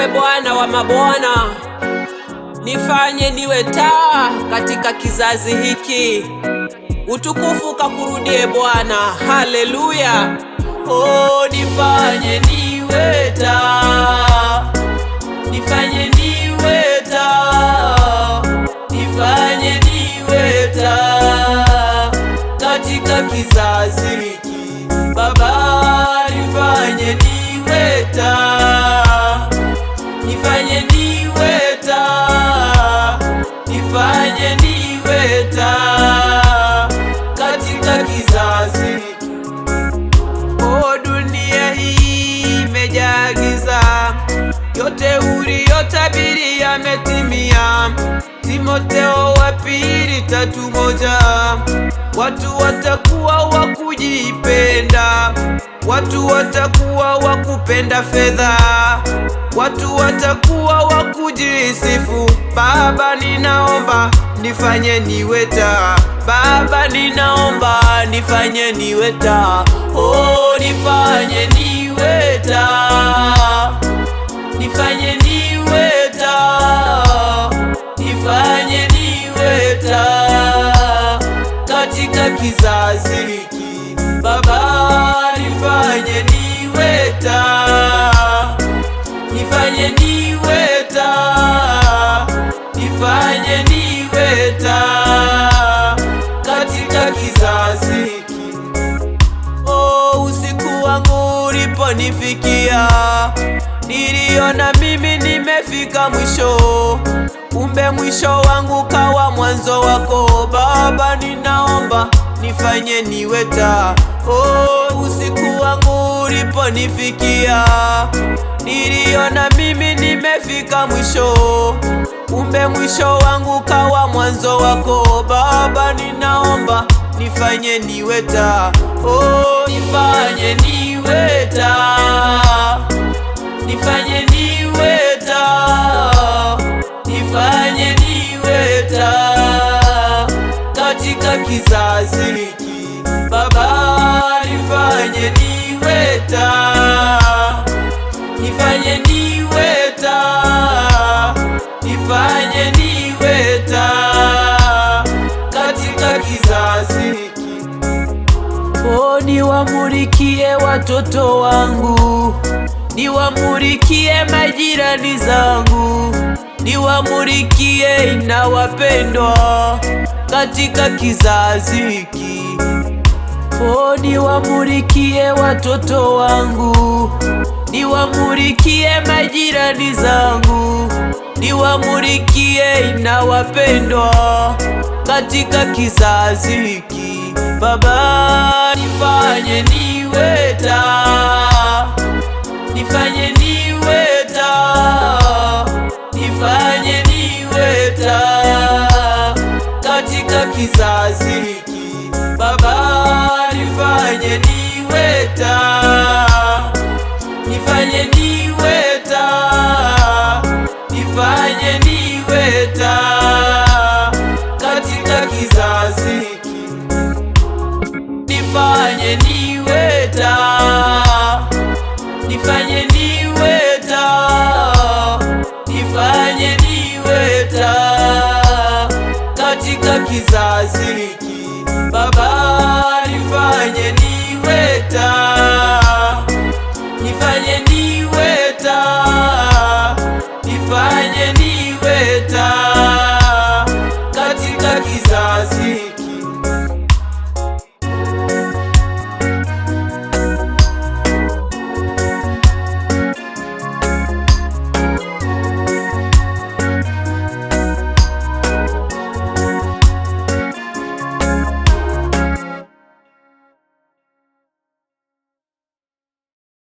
wewe Bwana wa mabwana, nifanye niwe taa katika kizazi hiki. Utukufu kakurudie Bwana, haleluya. Oh, nifanye niwe taa, nifanye niwe taa, nifanye niwe taa katika kizazi hiki Baba, nifanye niwe nifanye niwe taa, nifanye niwe taa katika kizazi. O, dunia hii imejaa giza, yote uliyotabiri yametimia. Timotheo wa pili tatu moja, watu watakuwa wakujipenda Watu watakuwa wakupenda fedha, watu watakuwa wakujisifu. Baba, ninaomba nifanye niwe taa. Baba, ninaomba nifanye niwe taa. Oh, nifanye niwe taa, nifanye niwe taa, nifanye niwe taa katika kizazi hiki taa, nifanye niwe nifanye niwe katika kizazi hiki. Oh, usiku wangu uliponifikia, niliona mimi nimefika mwisho, kumbe mwisho wangu kawa mwanzo wako. Baba, ninaomba nifanye niweta oh, uliponifikia, niliona mimi nimefika mwisho, kumbe mwisho wangu kawa mwanzo wako. Baba, ninaomba nifanye niwe taa, oh, nifanye niwe taa, nifanye niwe taa, nifanye niwe taa katika kizazi hiki Baba, nifanye niwe niweta, nifanye niweta, nifanye niweta katika kizazi hiki. Oh, niwamurikie watoto wangu, niwamurikie majirani zangu, niwamurikie inawapendwa katika kizazi hiki. Fodi wamurikie watoto wangu, niwamulikie majirani zangu, niwamulikie na wapendwa katika kizazi hiki. Baba, nifanye niwe taa, nifanye niwe taa, nifanye niwe taa katika kizazi hiki nifanye niwe taa, nifanye niwe taa, nifanye niwe taa katika kizazi hiki, nifanye niwe taa, nifanye niwe taa, nifanye niwe taa katika kizazi